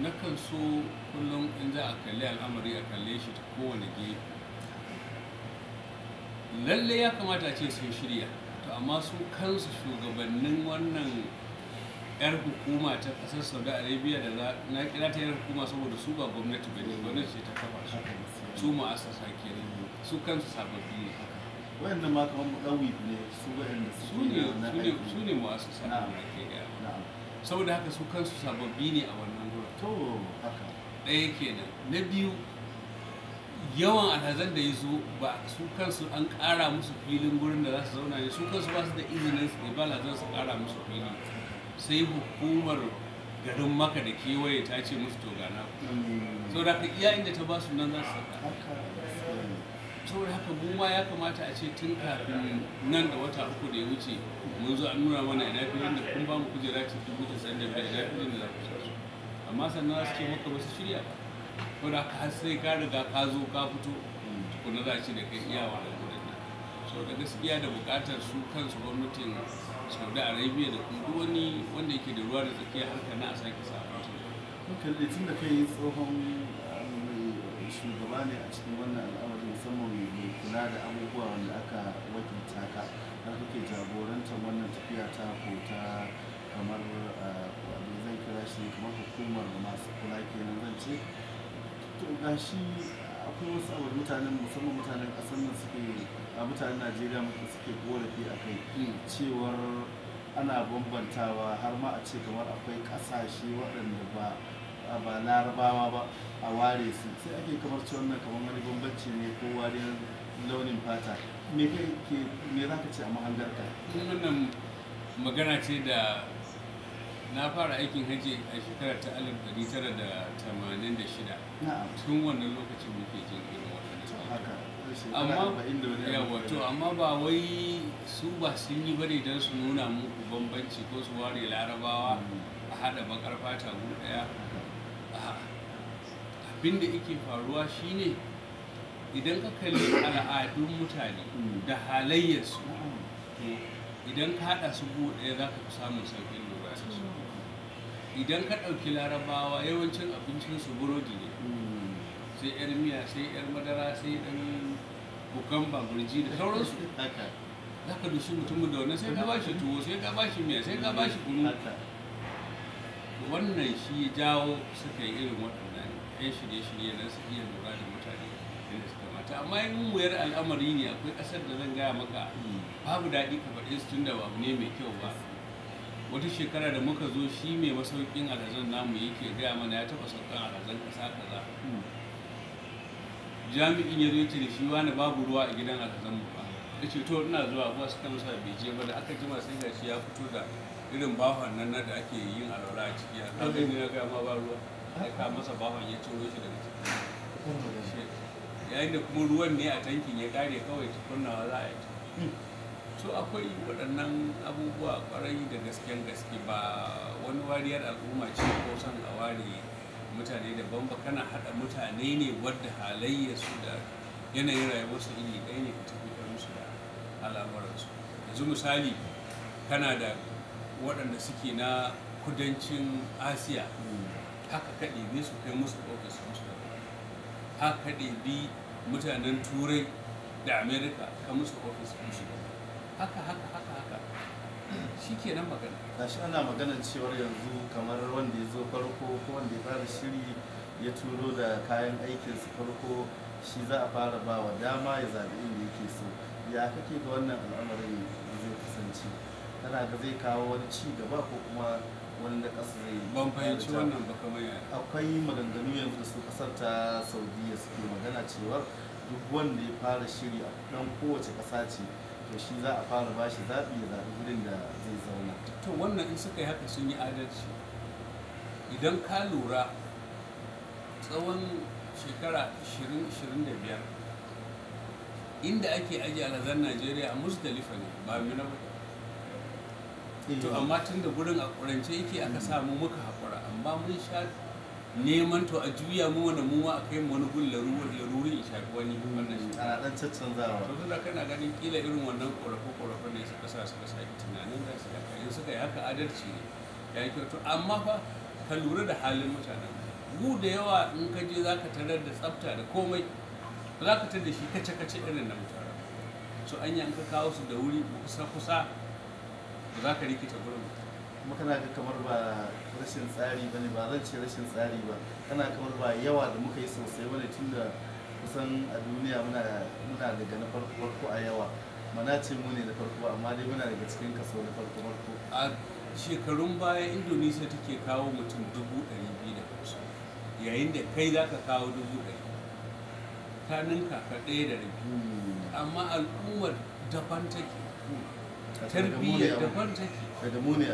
Na kan so kullum in za a kalli al'amari a kalle shi ta kowane gefe lalle ya kamata ce sun shirya to amma su kansu shugabannin wannan yar hukuma ta kasar saudi arabia da na kira ta yar hukuma saboda su ba gwamnati ba ne gwamnati ce ta kafa su su sassa ke su kansu sababbi ne wayannan ma kamar mu ɗan ne su wayanda su ne su ne sassa ne ke gaya saboda haka su kansu sababbi ne a wannan gurin to haka ɗaya kenan na biyu yawan alhazan da ya zo ba su kansu an kara musu filin gurin da za su zauna ne su kansu ba su da izinin su ne ba alhazan su ƙara musu fili sai hukumar garin maka da kewaye ta ce musu to gana mm. da iya inda ta ba su nan za su saka saboda haka mu ma ya kamata a ce tun kafin nan da wata uku da ya wuce mun zo an nuna mana ina fi da kun ba mu kujera ce dubu da sanda biyar ina filin da za ku sa su amma sannan za su ce maka ba su shirya ba ko da har sai ka riga ka zo ka fito na za ci da kai iyawa da gudun nan so da gaskiya da bukatar su kansu gwamnatin saudi arabia da kuma wani wanda yake da ruwa da tsakiya harka na a sake sa a mutum. tun da kai tsohon shugaba ne a cikin wannan al'amarin musamman mai kula da abubuwa wanda aka wakilta ka har kuke jagorantar wannan tafiya ta ko kamar ah, abin zai kira shi kamar hukumar masu kula kenan zan ce to shi akwai wasu abu mutanen musamman mutanen ƙasar nan suke a mutanen najeriya muka suke korafi a kai hmm. cewar ana bambantawa har ma a ce kamar akwai ƙasashe waɗanda ba ba larabawa ba a ware su sai ake kamar wannan kamar wani bambanci ne ko wari launin fata me ke me za ka ce a mahangarka wannan magana ce da na fara aikin hajji a shekarar ta alif dari tara da tamanin da shida tun wannan lokacin muke jin irin wannan amma wato amma ba wai su ba sun yi bane don su nuna muku bambanci ko su ware larabawa hmm. a haɗa bakar fata guda ɗaya abin da yake faruwa shine idan ka kalli al'adun mutane da halayyarsu idan ka haɗa su buɗe ɗaya za ka fi samun sauƙin lura da su idan ka ɗauki larabawa yawancin abincinsu burodi ne sai 'yar miya sai 'yar madara sai ɗan bukan bagurji da sauransu za ka dusu mutum da wannan sai ka ba shi tuwo sai ka ba shi miya sai ka ba shi kunu wannan shi jawo suka yi irin waɗannan 'yan shirye-shirye nan su iya lura da mutane da su kamata amma yin wuyar al'amari ne akwai ƙasar da zan gaya maka babu daɗi ka faɗi su tun da babu ne mai kyau ba wata shekara da muka zo shi mai masaukin alhazan namu yake gaya mana ya taɓa saukan alhazan ƙasa kaza jami'in ya zo da shi wani babu ruwa a gidan alazan mu ba ya ce to ina zuwa ba su kan sa bai je ba da aka jima sai ga ya fito da irin bahon nan da ake yin alwala a ciki a kan ne na ma ba ruwa ka masa bahon ya ciro shi daga ciki yayin da kuma ruwan ne a tankin ya kare kawai tukunnawa za a yi so akwai waɗannan abubuwa ƙwarai da gasken gaske ba wani wariyar al'umma ce ko son a ware mutane daban ba kana haɗa mutane ne wadda su da yanayin rayuwarsu iri ɗaya ne ka tafi musu da al'amuransu yanzu misali kana da waɗanda suke na kudancin asiya haka kaɗe bi su kai musu ɗauka su musu haka kaɗe bi mutanen turai da amerika ka musu ofis musu haka haka haka haka shi ke nan magana shi ana maganar cewar yanzu kamar wanda ya zo farko ko wanda ya fara shiri ya turo da kayan aikinsu farko shi za a fara ba wa dama ya zaɓi inda yake so ya kake ga wannan al'amarin zai kasance kana ga zai kawo wani ci gaba ko kuma wani da kasa zai ban fahimci wannan ba kamar yaya akwai maganganu yanzu da su kasar ta saudiya suke magana cewa duk wanda ya fara shiri a dan kowace kasa ce to shi za a fara bashi zaɓi ya zaɓi gudun da zai zauna to wannan in suka yi haka sun yi adalci idan ka lura tsawon shekara 20-25 inda ake ajiye alazan najeriya a musdalifa ne ba mina ba to eh. amma tun da gurin a ƙurance yake aka samu muka haƙura amma mun sha neman to a juya mu wani mu a kai wani gun ya laruri in shafi wani hmm. wannan shi ana dan caccanzawa to suna kana ganin kila irin wannan ƙorafe ƙorafe ne suka sa suka saki tunanin da su yaka in suka yi haka adalci ne ya yi to amma fa ka lura da halin mutanen mu da yawa in ka je za ka tarar da tsafta da komai ba za ka tarar da shi kace kace irin na mutane so anya in ka kawo su da wuri kusa kusa ba za ka rikita gurin kuma kana ga kamar ba rashin tsari bane ne ba zan ce rashin tsari ba kana kamar ba yawa da muka yi sosai wani tun kusan a duniya muna daga na farko farko a yawa mana ce mu ne da farko amma dai muna daga cikin kaso na farko farko a shekarun baya indonesia take kawo mutum dubu ɗari biyu da yayin da kai za ka kawo dubu ɗari kanin kaka ɗaya da rabi hmm. amma al'ummar daban take tarbiyyar daban take